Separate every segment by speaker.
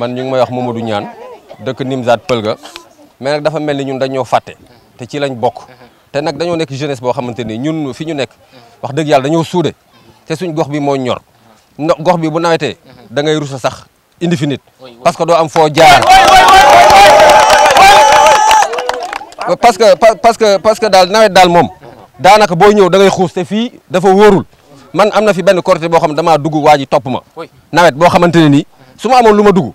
Speaker 1: man ñu ngi may a Mamadou Niane dëkk Nimzaat Pëlga mais nag dafa mel ni ñun dañoo fàtte te ci lañ bokk te nag dañoo nekk jeunesse boo xamante ni ñun fi ñu nekk wax dëgg yàlla dañoo suude te suñ gox bi moo ñor gox bi bu nawetee da ngay rusa sax indi fi nit parce que doo am foo jaar parce que parce que parce que daal nawet daal moom daanaka boo ñëw da ngay xuus te fii dafa wóorul man am na fi benn corté boo xam ne damaa dugg waa topp ma nawet boo xamante ne nii su amoon lu ma dugg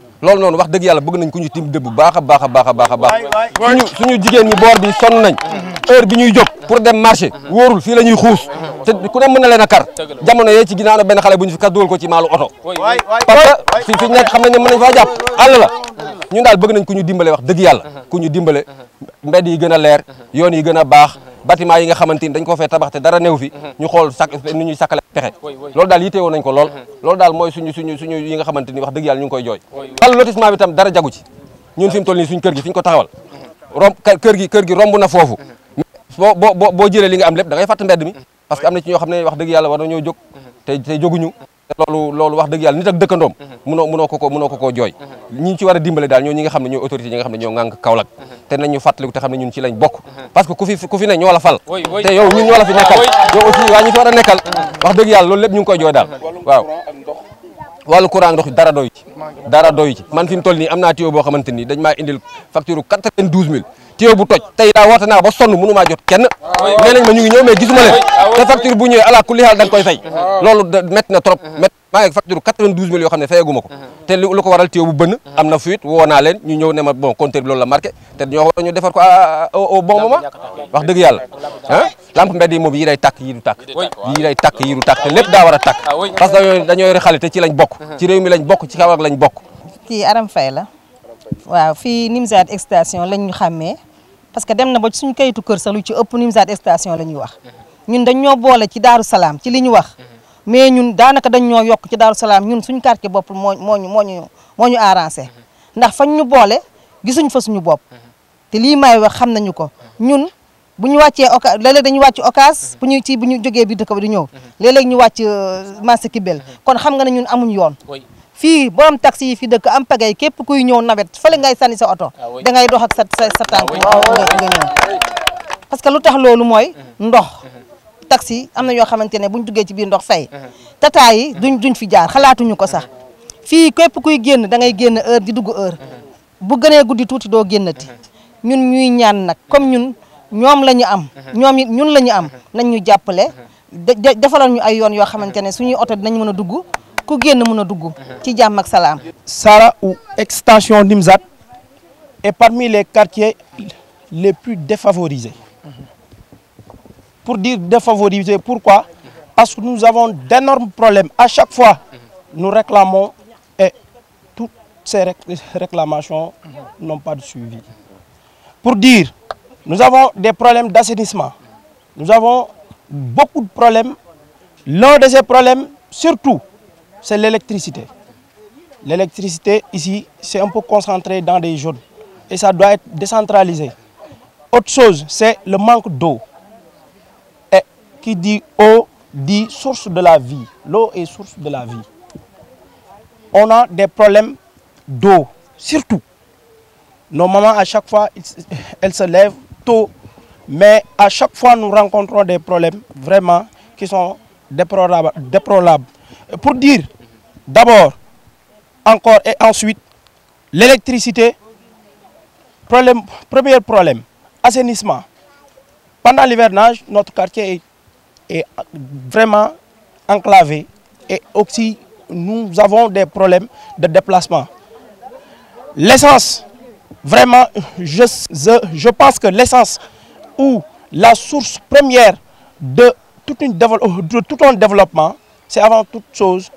Speaker 1: loolu noonu wax dëgg yàlla bëgg nañ ku ñu tim dëbb baax a baax a baax a baax a baax suñu ñi boor bi sonn nañ heure bi ñuy jóg pour dem marché wóorul fii la ñu xuus te ku ne mën na a kar jamono yee ci ginnaaw na benn xale bu ñu fi kas dugal ko ci maalu oto parce que fi fi nekk xam nañ ne mën nañ faa jàpp la ñun daal bëgg nañ ku ñu dimbale wax dëgg yàlla ku ñu dimbale mbedd yi gën a leer yoon yi gën a baax bâtiment yi nga xamante ni dañ ko fee tabax te dara néew fi ñu xool sak pexe loolu daal yittewoo nañ ko lool mm-hmm. loolu daal mooy suñu suñu suñu yi wax dëgg yàlla ñu koy jooy wàllu lotissement bi tam dara jagu ñun fi mu toll nii suñ kër ñu ko taxawal mm-hmm. romb kër romb na foofu mm-hmm. boo boo boo nga am lépp da ngay fàtt parce que am na ci ñoo xam ne wax dëgg yàlla war na ñoo te te jóguñu lolu lolu wax deug yalla nit ak dekkandom mëno mëno ko ko mëno ko ko joy ñi ci wara dimbalé dal ñoo ñi nga xamné ñoo autorité ñi nga xamné ñoo ngank kawlak té nañu fatali ko té xamné ñun ci lañ bok parce que ku fi ku fi né ñoo la fal té yow ñun ñoo la fi nekkal yow aussi wañu fi wara nekkal wax deug yalla lolu lepp ñu koy joy dal waaw wàllu courant ndox dara doy ci dara doy ci man fi mu toll am naa tuyau boo xamante ni dañ maa indil facture quatre-vingt-douze mille tuyau bu toj tey daa woote naa ba sonn mënu maa jot kenn nee ma ñu ngi ñëw gisuma leen te facture bu ñëwee ala kulli haal da koy fay loolu métti na trop maa ngi quatre-vingt-douze mille yoo xam ne fayaguma ko te lu ko waral tuyau bu bënn am na fuite woo leen ñu ñëw ne ma bon compteur bi loolu la marqué te ñoo defar ko bon moment wax dëgg yàlla ah lamp mbedd yi moom yi day tàkk yi du tàkk yi day ah, lépp daa war a tàkk ah, parce que dañoo yore te ci lañ bokk ci réew mi lañ bokk ci kaw lañ bokk
Speaker 2: kii Aram la waaw fii Nimzaat extension lañ ñu xàmmee parce que dem na ba suñ kayitu kër sax lu ci ëpp Nimzaat extension la ñuy wax ñun dañ ñoo boole ci Daaru Salaam ci li ñu wax mais ñun daanaka dañ ñoo yokk ci Daaru Salaam ñun suñ quartier bopp moo moo ñu moo ñu moo ñu arrangé ndax fañ ñu boole suñ fa suñu bopp te lii may wax xam nañu ko ñun buñu waccé occasion lélé dañu waccu occasion buñu ci buñu joggé mhm. mhm. ah, mhm. bi dëkk bi du ñëw lélé ñu waccu mass kibel kon xam nga ñun amuñ yoon fi borom taxi fi dëkk am pagay képp kuy ñëw navette fa la ngay sanni sa auto da ngay dox ak sa sa tank parce que lutax lolu moy ndox taxi amna yo xamantene buñu duggé ci biir ndox fay tata yi duñ duñ fi jaar xalaatuñu ko sax fi képp kuy génn da ngay génn heure di dugg heure bu gëné guddi tuuti do génnati ñun ñuy ñaan nak comme ñun ñom sommes am. Uh-huh. ñom ñun lañu am uh-huh. nañ ñu jappalé uh-huh. défalon ñu ay yoon yo xamante suñu auto oto mëna a dugg ku génn mëna dugg. ci jamm ak salam
Speaker 3: sara ou extension Nimzat est parmi les quartiers les plus défavorisés. Pour dire défavorisés, pourquoi Parce que nous avons d'énormes problèmes. À chaque fois, nous réclamons et toutes ces réclamations n'ont pas de suivi. Pour dire nous avons des problèmes d'assainissement. Nous avons beaucoup de problèmes. L'un de ces problèmes, surtout, c'est l'électricité. L'électricité, ici, c'est un peu concentré dans des zones. Et ça doit être décentralisé. Autre chose, c'est le manque d'eau. Et qui dit eau, dit source de la vie. L'eau est source de la vie. On a des problèmes d'eau, surtout. Nos à chaque fois, elle se lève mais à chaque fois nous rencontrons des problèmes vraiment qui sont déplorables. Pour dire d'abord, encore et ensuite, l'électricité, problème, premier problème, assainissement. Pendant l'hivernage, notre quartier est vraiment enclavé et aussi nous avons des problèmes de déplacement. L'essence, Vraiment, je, je pense que l'essence ou la source première de tout, une, euh, de tout un développement, c'est avant toute chose,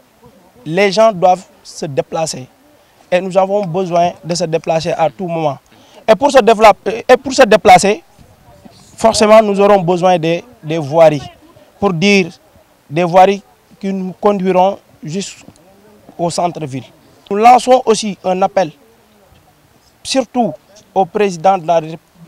Speaker 3: les gens doivent se déplacer. Et nous avons besoin de se déplacer à tout moment. Et pour se, euh, et pour se déplacer, forcément, nous aurons besoin des, des voiries. Pour dire des voiries qui nous conduiront jusqu'au centre-ville. Nous lançons aussi un appel surtout au président de la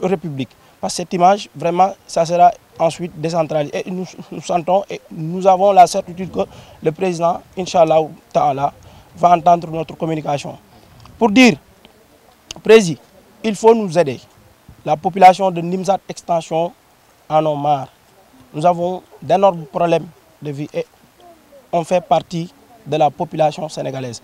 Speaker 3: République. Parce que cette image, vraiment, ça sera ensuite décentralisé. Et nous, sentons et nous avons la certitude que le président, Inch'Allah Ta'ala, va entendre notre communication. Pour dire, Président, il faut nous aider. La population de Nimzat Extension en a marre. Nous avons d'énormes problèmes de vie et on fait partie de la population sénégalaise.